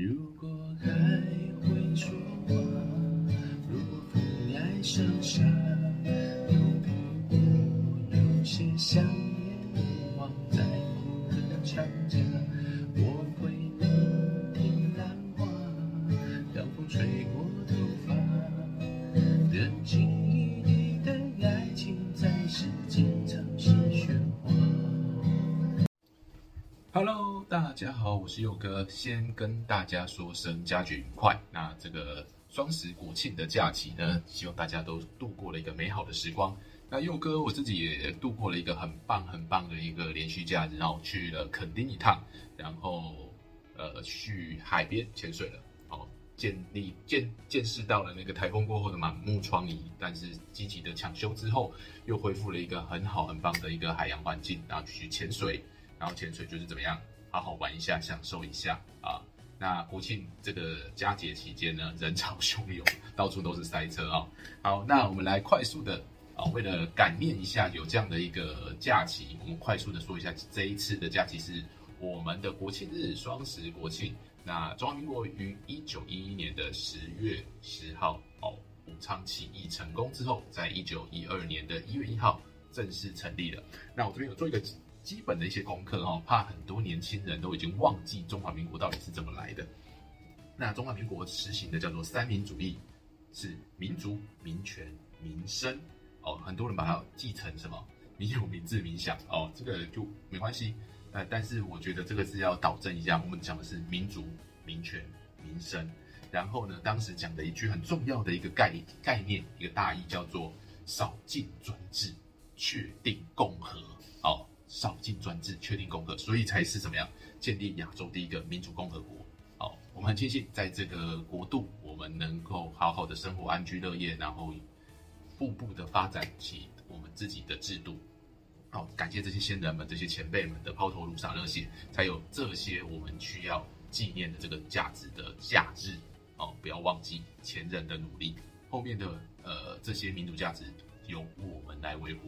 如果海會說話，如果風愛上沙，如果有些想念，遺忘在某個長假。大家好，我是佑哥，先跟大家說聲佳節愉快。那這個雙十國慶的假期呢，希望大家都度過了一個美好的時光。那佑哥我自己也度過了一個很棒很棒的一個連續假日，然後去了墾丁一趟，然後呃去海邊潛水了。哦，經歷見見識到了那個台風過後的滿目瘡痍，但是積極的搶修之後，又恢復了一個很好很棒的一個海洋環境，然後去潛水，然後潛水就是怎麼樣？好好玩一下，享受一下啊！那國慶這個佳節期間呢，人潮洶湧，到處都是塞車啊、哦！好，那我們來快速的啊，為了感念一下有這樣的一個假期，我們快速的說一下這一次的假期是我們的國慶日，雙十國慶。那中華民國於一九一一年的十月十號，哦，武昌起義成功之後，在一九一二年的一月一號正式成立了。那我這邊有做一個。基本的一些功課哦，怕很多年輕人都已經忘記中華民國到底是怎麼來的。那中華民國實行的叫做三民主義，是民族、民權、民生哦。很多人把它記成什麼民有民治、民享哦，這個就沒關係。呃，但是我覺得這個是要導正一下，我們講的是民族、民權、民生。然後呢，當時講的一句很重要的一個概概念，一個大意叫做掃盡專制，確定共和哦。少進專制，確定共和，所以才是怎麼樣建立亞洲第一個民主共和國。好，我們很慶幸在這個國度，我們能夠好好的生活，安居樂業，然後步步的發展起我們自己的制度。好，感謝這些先人們、這些前輩們的拋頭顱、灑熱血，才有這些我們需要紀念的這個價值的假日。哦，不要忘記前人的努力，後面的呃這些民主價值由我們來維護。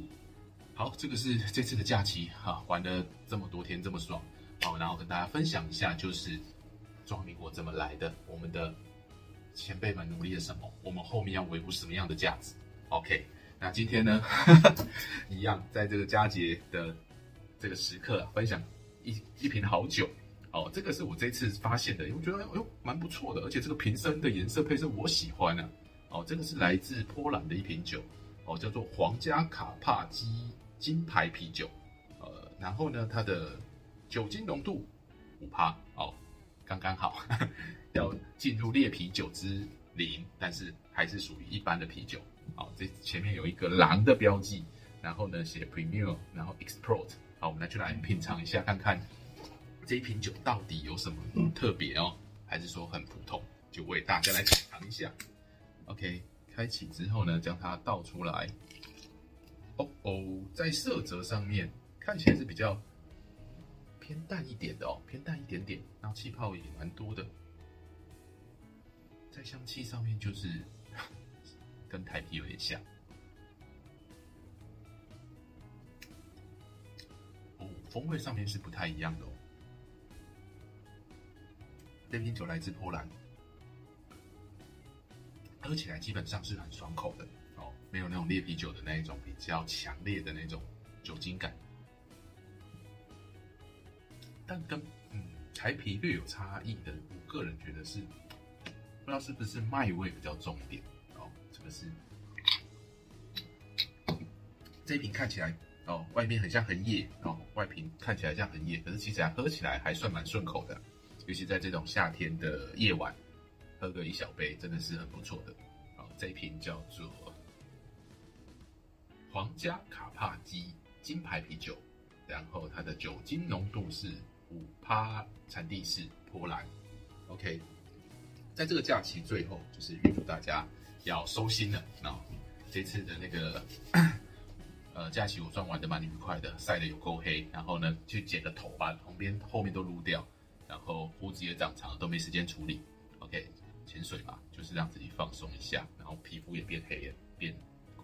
好，這個是這次的假期哈、啊，玩了這麼多天這麼爽，好、哦，然後跟大家分享一下，就是裝華國怎麼來的，我們的前輩們努力了什麼，我們後面要維護什麼樣的價值？OK，那今天呢，嗯、 一樣在這個佳節的這個時刻啊，分享一一瓶好酒哦，這個是我這次發現的，因為我覺得哎呦蠻不錯的，而且這個瓶身的顏色配色我喜歡呢、啊，哦，這個是來自波蘭的一瓶酒哦，叫做皇家卡帕基。金牌啤酒，呃，然後呢，它的酒精濃度五趴哦，剛剛好呵呵要進入烈啤酒之林，但是還是屬於一般的啤酒好，哦，這前面有一個狼的標記，然後呢寫 premium，然後 export，嗯，好，我們來就來品嘗一下，看看這一瓶酒到底有什麼特別哦，還是說很普通？就為大家來品嘗一下。OK，開啟之後呢，將它倒出來。哦、oh oh，在色澤上面看起來是比較偏淡一點的哦，偏淡一點點，然後氣泡也蠻多的。在香氣上面就是呵呵跟台啤有點像。哦，風味上面是不太一樣的哦。這瓶酒來自波蘭，喝起來基本上是很爽口的。沒有那種烈啤酒的那一種比較強烈的那種酒精感，但跟嗯台啤略有差異的，我個人覺得是不知道是不是麥味比較重一點哦。這個是這一瓶看起來哦，外面很像很野哦，外瓶看起來像很野，可是其實它、啊、喝起來還算蠻順口的，尤其在這種夏天的夜晚喝個一小杯真的是很不錯的哦。這一瓶叫做皇家卡帕基金牌啤酒，然後它的酒精濃度是五趴，產地是波蘭。OK，在這個假期最後，就是預祝大家要收心了。然後這次的那個呃假期，我算玩得蠻愉快的，曬得有夠黑。然後呢，去剪個頭髮，旁邊後面都擼掉，然後鬍子也長長了，都沒時間處理。OK，潛水嘛，就是讓自己放鬆一下，然後皮膚也變黑了，變。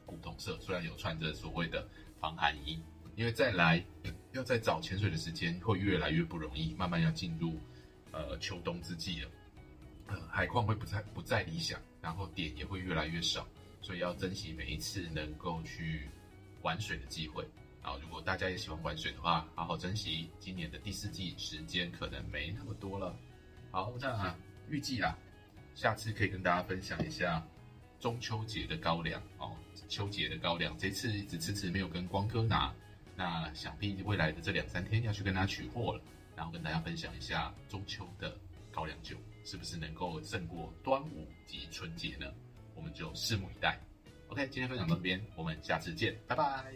古銅色，雖然有穿着所謂的防寒衣，因為再來要再找潛水的時間會越來越不容易，慢慢要進入呃秋冬之際了，呃、海況會不再不再理想，然後點也會越來越少，所以要珍惜每一次能夠去玩水的機會啊！然後如果大家也喜歡玩水的話，好好珍惜今年的第四季時間，可能沒那麼多了。好，這樣啊，預計啊，下次可以跟大家分享一下中秋節的高粱哦。秋節的高粱，這一次一直遲遲沒有跟光哥拿，那想必未來的這兩三天要去跟他取貨了，然後跟大家分享一下中秋的高粱酒是不是能夠勝過端午及春節呢？我們就拭目以待。OK，今天分享到這邊，我們下次見，拜拜。